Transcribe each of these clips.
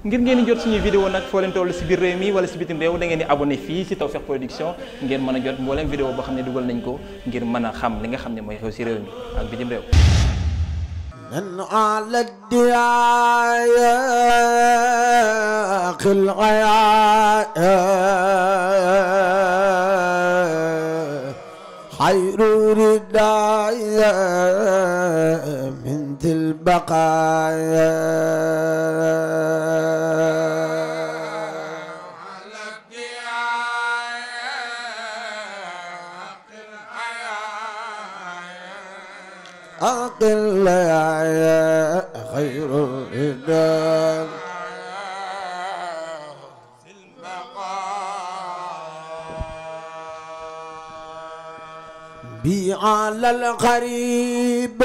ngir ngeen jot suñuy vidéo nag foo toll si biir réew mi wala si bitim réew da ngeen di abonné fii si Tawfekh Production ngeen mën a jot mbooleem vidéo boo xam ne dugal nañ ko ngir mën a xam li nga xam ne mooy xew si réew mi ak bitim réew من على الدعايا خلقيا خير ردايا من البقايا أقل يا خير الدار بي على القريب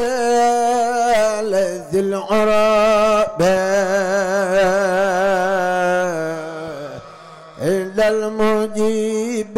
لذي العرب إلى المجيب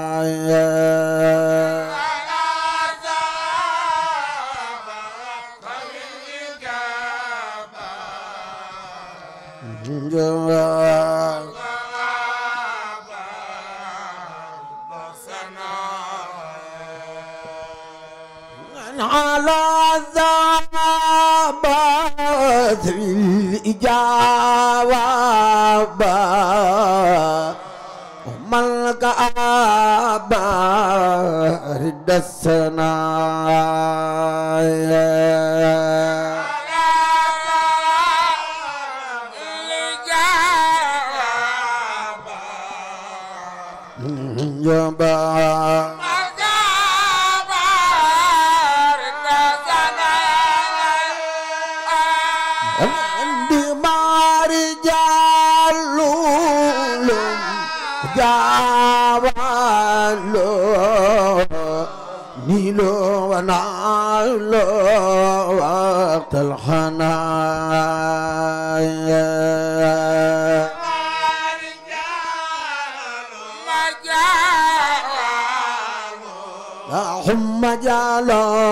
على ذابت الإجابة ملك أبا رد السنايا يا jabalo nilo wanalo وقت الخنايا ثم جعلوا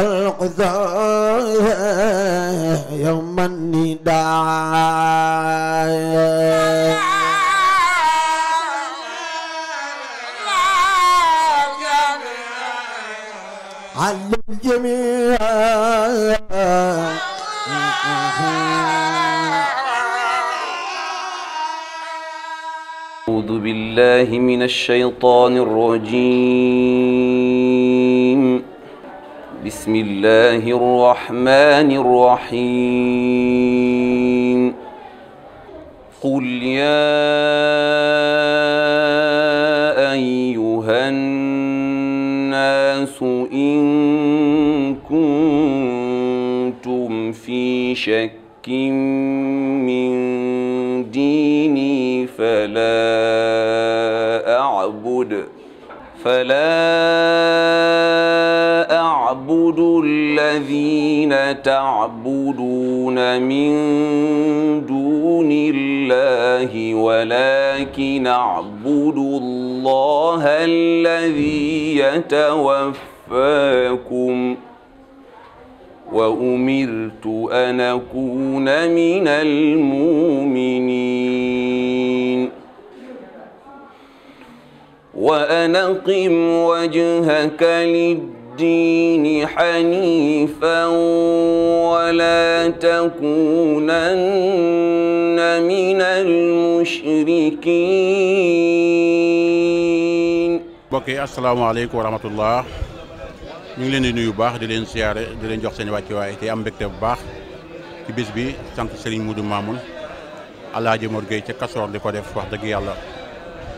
القضاء يوم النداء على الجميع أعوذ بالله من الشيطان الرجيم بسم الله الرحمن الرحيم قل يا أيها الناس إن كنتم في شك من ديني فلا أعبد فلا أعبد يعبد الذين تعبدون من دون الله ولكن اعبدوا الله الذي يتوفاكم وأمرت أن أكون من المؤمنين وأن أقم وجهك للدين الدين حنيفا ولا تكونن من المشركين mbokk yi asalaamaaleykum ngi leen di nuyu baax di leen siyaare di leen jox seen wàccuwaay te am mbégte bu baax ci bis bi sant Serigne Moudou Mamoun Alaaji Mor Gueye ca Kasoor di ko def wax dëgg yàlla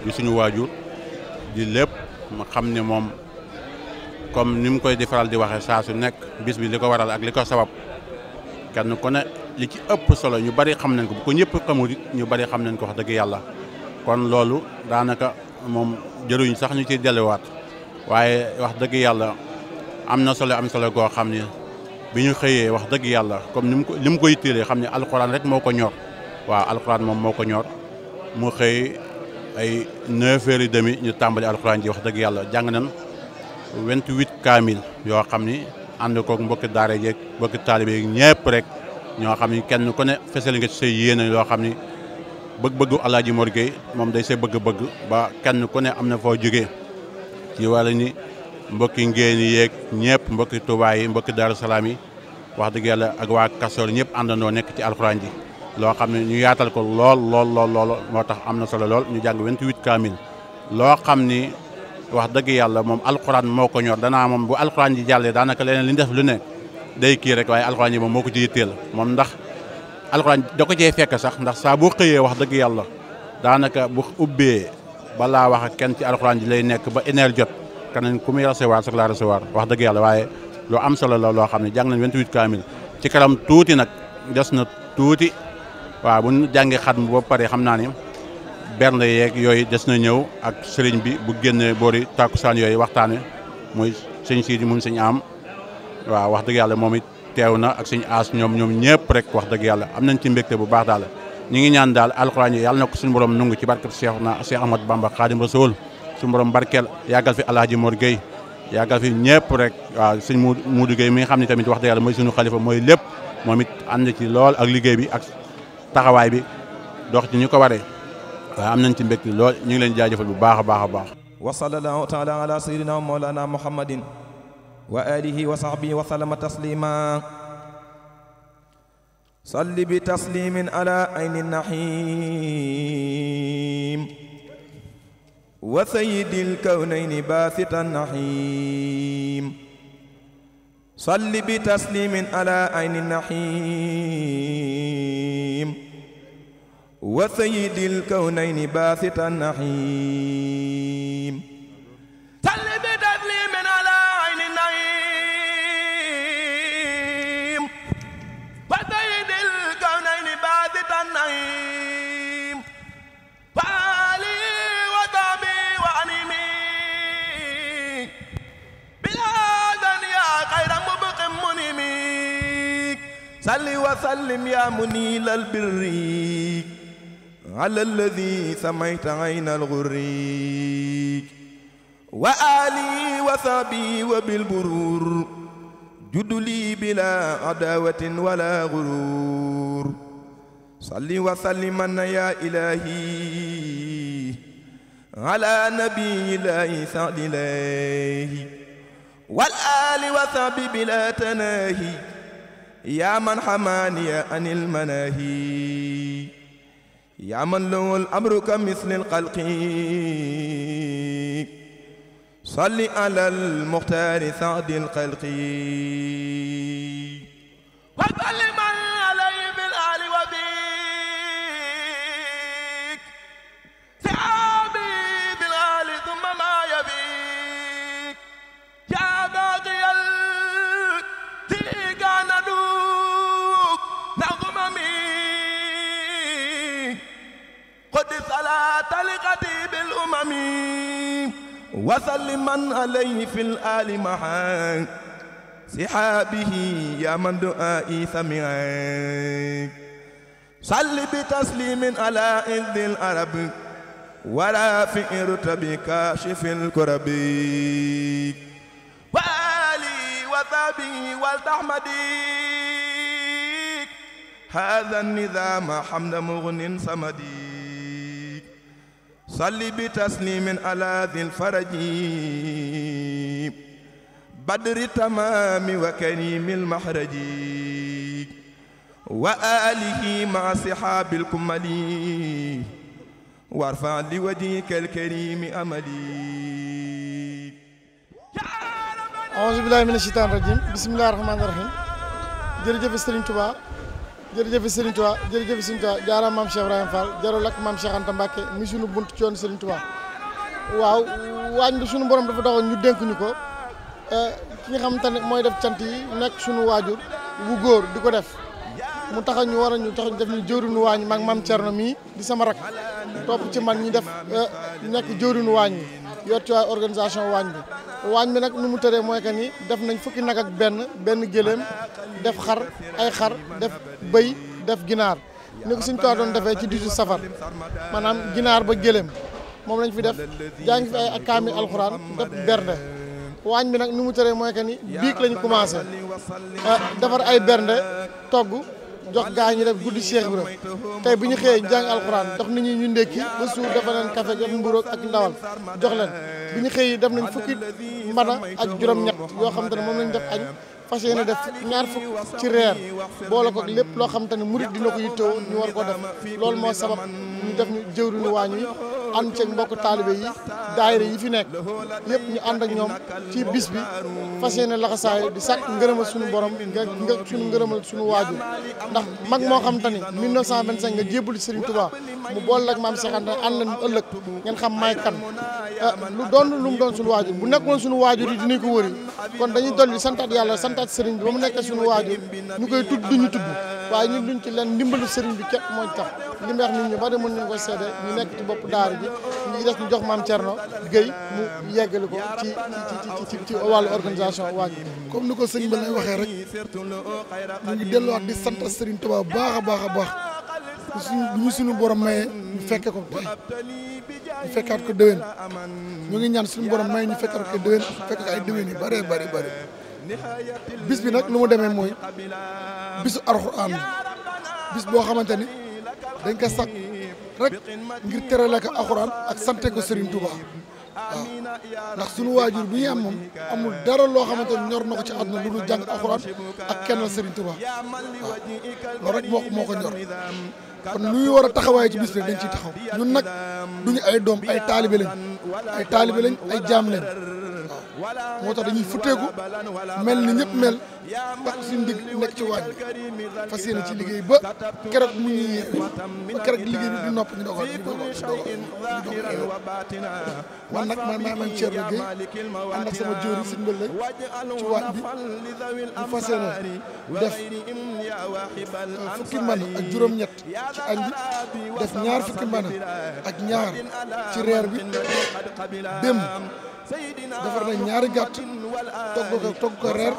di suñu waajur di lépp xam ne moom comme ni mu koy di faral di waxee saa su nekk bis bi li ko waral ak li ko sabab kenn ko ne li ci ëpp solo ñu bari xam nañ ko bu ko ñëpp xamul ñu bari xam nañ ko wax dëgg yàlla kon loolu daanaka moom jëruñ sax ñu ciy delluwaat waaye wax dëgg yàlla am na solo am solo goo xam ne bi ñu xëyee wax dëgg yàlla comme ni mu ko li mu ko yitteelee xam ne alxuraan rek moo ko ñor waaw alxuraan moom moo ko ñor mu xëy ay neuf heures demi ñu tàmbali alxuraan ji wax dëgg yàlla jàng nañ 28 kaamil yoo xam ni ànd koog mbokki daara yeeg mbokki taalibe yeeg ñëpp rek ñoo xam ni kenn ku ne fesal nga ci say yéene yoo xam ni bëgg-bëggu Alaaji Mor Gueye moom day say bëgg-bëgg ba kenn ku ne am na foo jógee ci wàllu ni mbokki ngéen yi yeeg ñëpp mbokki Tuubaa yi mbokki Daaru Salaam yi wax dëgg yàlla ak waa Kastoor ñëpp àndandoo nekk ci alxuraan ji loo xam ne ñu yaatal ko lool lool lool moo tax am na solo lool ñu jàng 28 kaamil loo xam ni wax dëgg yàlla moom alxuraan moo ko ñor danaa moom bu alxuraan ji jàllee daanaka leneen li ñu def lu ne day kii rek waaye alxuraan ji moom moo ko ci yitteel moom ndax alxuraan da ko cee fekk sax ndax saa boo xëyee wax dëgg yàlla daanaka bu ubbee balaa wax ak kenn ci alxuraan ji lay nekk ba une heure jot keneen ku muy recevoir sax la recevoir wax dëgg yàlla waaye loo am solo la loo xam ne jàng nañ 28 kaamil ci kanam tuuti nag des na tuuti waa bu ñu jàngee xatmu ba pare xam naa ni bernde yeeg yooyu des na ñëw ak sëriñ bi bu génnee boori tàkkusaan yooyu waxtaane muy sëñ Sidi moom sëñ am waaw wax dëgg yàlla moom it teew na ak sëñ aas ñoom ñoom ñëpp rek wax dëgg yàlla am nañ ci mbégte bu baax daal ñu ngi ñaan daal alxuraan yi yàlla na ko suñu borom nungu ci barkeb seex na Cheikh Ahmad Bamba Xaadim Rasul suñu borom barkeel yàggal fi alaaji Mor Gueye yàggal fi ñëpp rek waaw sëñ Muudu Gueye mi nga xam ne tamit wax dëgg yàlla mooy suñu xalifa mooy lépp moom it ànd ci lool ak liggéey bi ak taxawaay bi dox ko waree waaye am nañ ci mbégte lool ñu ngi leen jaajëfal bu baax a baax a baax wa sallallahu taala ala sayyidina wa mawlana muhammadin wa alihi wa sahbihi wa sallama taslima salli bi taslimin ala ayni nahim wa sayyidil kawnayni baasitan nahim salli bi taslimin ala ayni nahim wa sayyidil kawnayni baasitan naxiim salli bi tasliimin alaa ayni naxiim wa sayyidil kawnayni baasitan naxiim faali wa taabi wa animi bilaadan yaa xayra mubqin munimi salli wa sallim yaa muniilal birri على الذي سميت عين الغريج وآلي وصحبي وبالبرور جد لي بلا عداوة ولا غرور صل وسلم يا إلهي على نبي الله صلى الله والآل وصحبي بلا تناهي يا من حماني عن المناهي yaa man lawul amru ka mislil xalqi salli alal muxtaari saadil xalqi الأمم وسلما عليه في الآل معا سحابه يا من دعائي سمعك صل بتسليم على إذ العرب ورافع رتب كاشف الكرب وآلي وصحبه ولتحمدي هذا النظام حمد مغن صمدي صل بتسليم على ذي الفرج بدر تمام وكريم المحرج وآله مع صحاب الكمل وارفع لوجهك الكريم أملي أعوذ بالله من الشيطان الرجيم بسم الله الرحمن الرحيم jërëjëf Serigne Touba jërëjëf Serigne Touba jërëjëf Serigne Touba jaaraam maam Cheikh Ibrahima Fall jarul ak maam Cheikh Anta mi sunu bunt coon Serigne Touba waaw waañ bi sunu borom dafa taxoon ñu dénk ñu ko eh, ki nga xamante ne mooy def cant yi nekk sunu waajur wu góor di ko def mu taxa ñu war a ñu tax def ñu jëwrinu waañ mag maag maam Thierno mii di sama rak topp ci man ñi def eh, nekk jëwrinu waañ yi yor ci waay organisation waañ bi waañ bi nag nu mu tëree mooy que ni def nañ fukki nag ak benn benn gëléem def xar ay xar def bëy def ginaar ni ko suñ ko doon defee ci 18 safar maanaam ginaar ba gëléem moom lañ fi def jaa ngi fi ay kaami alxuraan def bernde waañ bi nag nu mu tëree mooy que ni biig lañ commencé eh, defar ay bernde togg jox gaa ñu def guddi Cheikh Ibra tey bi ñu xëyee jàng alxuraan jox nit ñu ndékki ba suur dafa leen café ak mburoog ak ndawal jox leen bi ñu xëyee def nañ fukki mbana ak juróom-ñett yoo xam te ne moom lañ def añ fas yéene def ñaar fukk ci reer boole ko lépp loo xam te ne murit dina ko yittewoo ñu war ko def loolu moo sabab ñu def ñu jëwriñu waañ wi ànd ceeg mbokk taalibe yi daayira yi fi nekk yëpp ñu ànd ak ñoom ci bis bi fas yéene laxasaay di sàkk ngërëmal suñu borom nga suñu ngërëmal suñu waajur ndax mag moo xam te ni 1925 nga jébbali Serigne Touba mu boole ak maam Cheikh Anta ànd leen ëllëg ngeen xam may kan ah, lu doon lu mu doon suñu waajur bu nekkoon suñu waajur yi dinañ ko wëri kon dañuy dolli santaat yàlla santaat Serigne bi ba mu nekk suñu waajur ñu koy tudd duñu tudd waaye ñu luñ ci leen ndimbalu sëriñ bi képp mooñ tax li mu wax nit ñu bari mën nañ koy seede ñu nekk ci bopp daara ji ñu def ñu jox maam Thierno Guèye mu yeggali ko ci ci ci wàllu organisation waa ji comme ni ko sëriñ ba lay waxee rek ñu ngi delluwaat di sant sëriñ Tuubaa baax a baax a baax suñu suñu borom mayee ñu fekkee ko tey ñu fekkaat ko déwén ñu ngi ñaan suñu borom mayee ñu fekkaat ko déwén fekk ay déwén yi bëree bëri bëri bis bi nag lu mu demee mooy bisu alxuraan la bis boo xamante ni dañ ko sakk rek ngir terale ko alxuraan ak sante ko Serigne Touba waaw ndax sunu waajur bi ñu moom amul dara loo xamante ni ñor na ko ci àdduna lu dul jàng alxuraan ak kennal Serigne Touba waaw rek moo ko moo ko ñor kon luy war a taxawaay ci bis bi dañ ciy taxaw ñun nag duñu ay doom ay taalibe lañ ay taalibe lañ ay jaam lañ. moo tax dañuy futteeku mel ni ñëpp mel tax suñu ndig nekk ci waaj fas yéene ci liggéey ba keroog mu ñuy yeeku ba keroog liggéey bi du nopp ñu dogal ñu dogal ñu dogal ñu ci waaj bi ñu fas yéene def fukki mban ak juróom-ñett ci añ bi def ñaar fukki mban ak ñaar ci reer bi démb defar nañ ñaari gàtt togg ko togg ko reer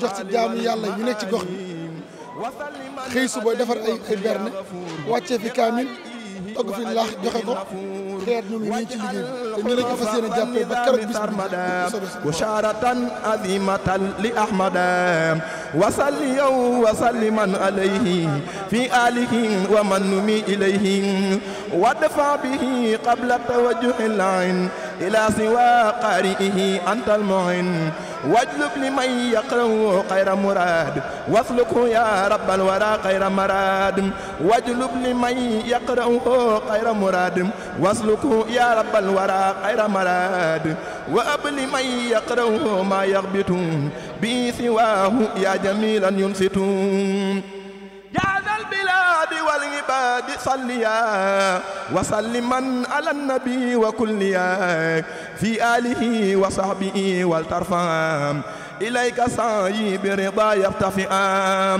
jox ci jaamu yàlla yi nekk ci gox bi xëy suba defar ay ay berne wàccee fi kaamil togg fi laax joxe ko xeet ñu ngi nii ci liggéey bi te ñu lañ ko fas yéene jàppee ba keroog bis bi busharatan azimatan li ahmada wa salli yow wa salliman alayhi fi alihi wa man numi ilayhi wa dafa bihi qabla tawajjuhi al-ayn إلى سوى قارئه أنت المعن واجلب لمن يقرأ خير مراد واسلكه يا رب الورى خير مراد واجلب لمن يقرأه خير مراد واسلكه يا رب الورى خير مراد وأب لمن يقرأه ما يغبط به سواه يا جميلا ينصت yaa dal bilaadi wal ibaadi salliya wa salliman ala nabi wa kulliya fi alihi wa sahbihi wal tarfam إليك سعي برضا يرتفعا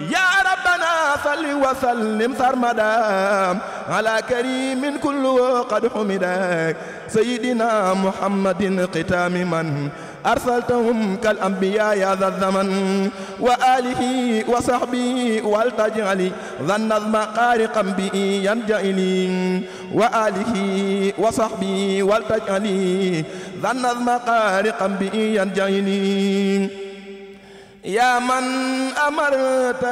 يا ربنا صل وسلم سرمدا على كريم كله قد حمدك سيدنا محمد ختام من أرسلتهم كالأنبياء يا ذا الزمن وآله وصحبه والتجعل ذا النظم قارقا به ينجعل وآله وصحبه والتجعل لأن المقارق بي ينجيني يا من أمرت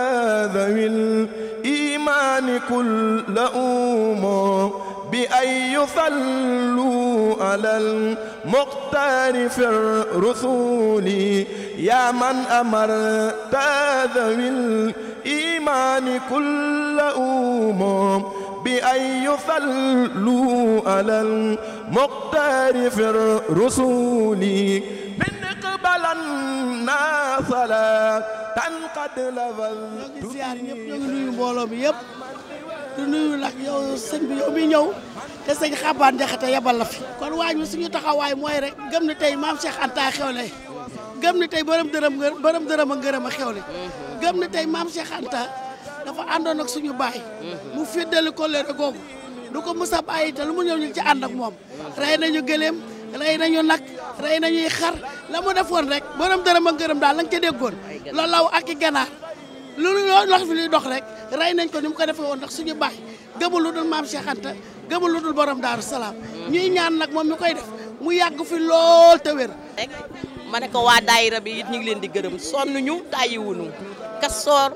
ذوي الإيمان كل أمور بأن يصلوا على المختار في الرسول يا من أمرت ذوي الإيمان كل أمور bi ay yufallu alal muxtaari fir rusuli min qabalan na salaatan qad lafal ñoo ngi ziar ñëpp ñoo nuyu mbooloo bi yëpp di nuyu nag yow sëñ bi yow mi ñëw te sëñ xabaan jaxate yebal la fi kon waañ mi suñu taxawaay mooy rek gëm ne tey maam Cheikh Anta xewle gëm ne tey borom dërëm borom a ngërëm a xewle gëm ne tey maam Cheikh Anta dafa àndoon nag suñu baay. mu fiddali kóllëre googu du ko mu sab ay te lu mu ñëw ñu ci ànd ak moom. rey nañu gëléem rey nañu nag rey nañuy xar la mu defoon rek borom dara ak gërëm daal la nga ca déggoon la law ak i ganaar lu lox fi luy dox rek rey nañ ko ni mu ko defee woon ndax suñu baay gëmul lu dul maam Cheikh gëmul lu dul borom daaru salaam. ñuy ñaan nag moom mi koy def mu yàgg fi lool te wér. ma ne ko waa daayira bi it ñu ngi leen di gërëm sonn ñu tàyyiwuñu kasoor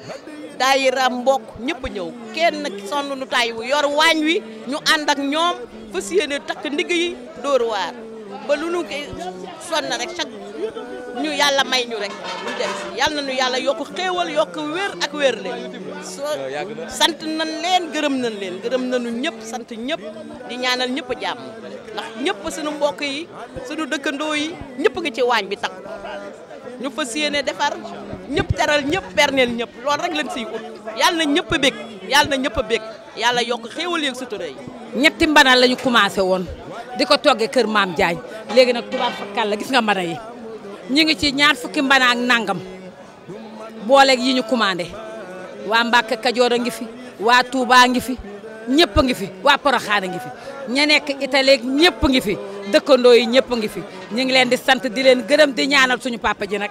daayira mbokk ñëpp ñëw kenn sonn nu tay wu yor waañ wi ñu ànd ak ñoom fas yéene takk ndigg yi dóor waar ba lu nu sonn rek chaque ñu yàlla may ñu rek ñu dem yàlla na yàlla yokk xéewal yokk wér ak wér leen sant nañ leen gërëm nañ leen gërëm nañu ñëpp sant ñëpp di ñaanal ñëpp jàmm ndax ñëpp suñu mbokk yi suñu dëkkandoo yi ñëpp ngi ci waañ bi takk ñu fas defar ñëpp teral ñëpp berneel ñëpp lool rek lañ siy ut yàlla na ñëpp a bég yàlla na ñëpp a bég yàlla yokk xéewal yeeg sutura yi ñetti la ñu commencé woon di ko toggee kër maam Diagne léegi nag tubaab fakkal la gis nga mbana yi ñu ngi ci ñaar fukki mbana ak nangam booleeg yi ñu commandé waa Mbàkke Kajoor a ngi fi waa Touba ngi fi ñëpp a ngi fi waa Poroxaan a ngi fi ña nekk Italie ñëpp ngi fi dëkkandoo yi ñëpp ngi fi ñu ngi leen di sant di leen gërëm di ñaanal suñu papa ji nag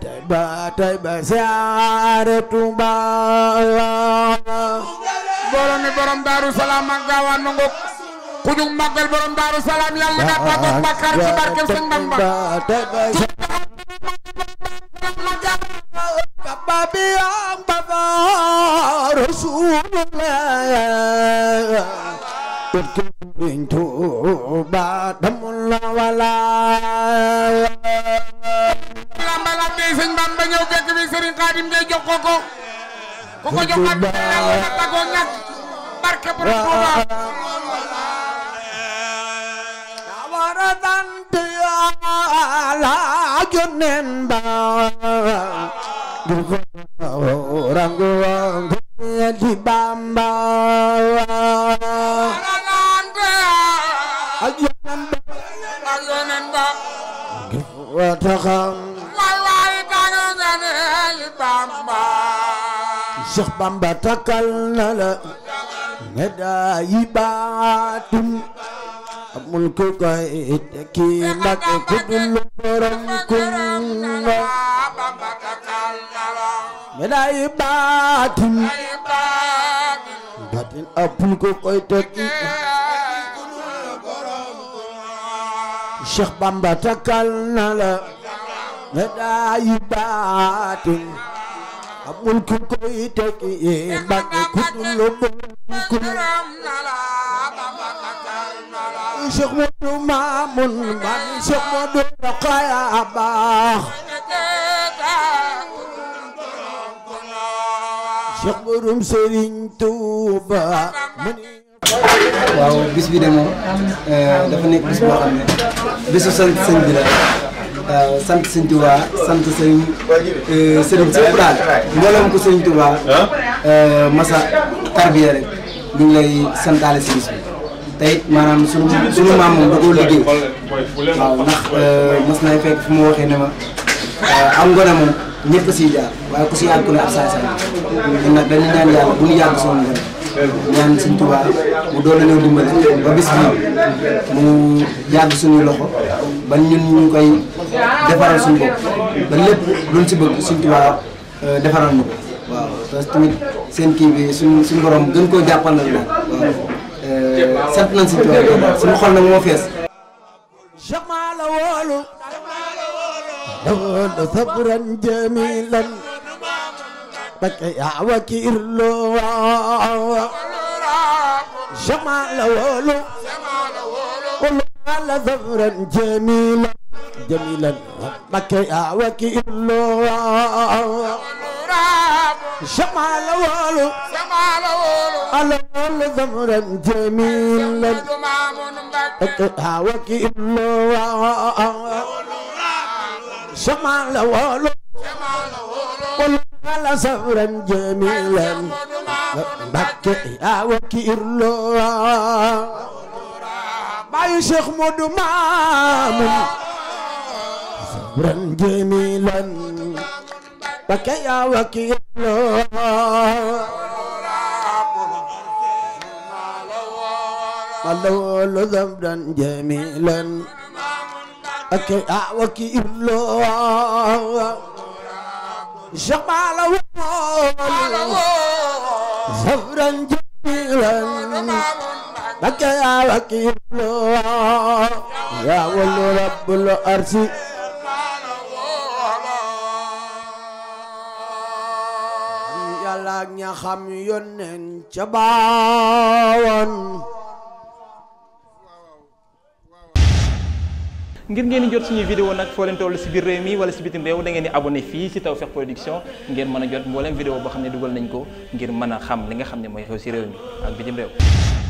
Touba tay ba siyaare Touba borom ni borom Daaru Salaam ak gaawaan nu ngok ku ñu màggal borom Daaru Salaam yàlla na tàggoog bàkkaar ci barke Sëñ Bamba tay ba kababiyang baba Rasulullah Touba barke borom Touba waradanti ala jonen ba gurgo rango di bamba waradanti ajonen ba ajonen ba watakam lalai tangan Seex Bamba takkal na la ne daa yi baatum amul ku koy tekki mag ku dul borom kunga ne koy tekki Seex Bamba takkal na la ne daa yi baatum ab ku koy teg yee ku dul ku ram na la bamba takkal na la Cheikh Modou Mamoun man Cheikh Modou Rokhaya baax Cheikh Borom Serigne Touba waaw bis bi de euh, dafa nekk bis boo xam ne bisu sant bi la Euh, sant sëñ Touba sant sëñ sëriñ euh, sëpp daal mboolem ko sëriñ Touba euh, masa tarbiya rek ñu ngi santaale si bis bi maanaam sunu sunu maam moom da koo liggéey waaw ndax mas nay fekk fu ma waxee ne ma am ngone moom ñëpp siy jaar waaye ku si yàgg ku ne ab saay saay ñun nag dañu ñaan yàlla bu ñu yàgg soon ngone ñaan sëñ Touba mu doon nañoo dimbale ba bis bii mu yàgg suñu loxo ba ñun ñu koy defaral suñu bopp ba lépp luñ si bëgg suñ tubaab euh, defaral ñu ko waaw parce que tamit seen kii bi suñ suñu borom gën koo jàppandal la waaw euh, sant nañ si tubaab suñu xol nag moo fees jamala woolu woolu sabran jamilan baka yaa wakirlu jamala woolu woolu sabran جميلا مكي وكيل شمال والو شمال والو الول ذمرا جميلا وكيل شمال والو ولا زمرا جميلا مكي وكيل باي شيخ مدمام عمرا جميلا بك يا وكيل ملول ذنبا جميلا بك يا وكيل جمال صبرا جميلا بك يا وكيل يا ول رب الارض ak ña xam yónneen ca baawoon ngir ngeen di jot suñu vidéo nag foo leen toll si biir réew mi wala si bitim réew dangeen ngeen di abonné fii si Tawfekh Production ngeen mën a jot mbooleem vidéo boo xam ne dugal nañ ko ngir mën a xam li nga xam ne mooy xew si réew mi ak bitim réew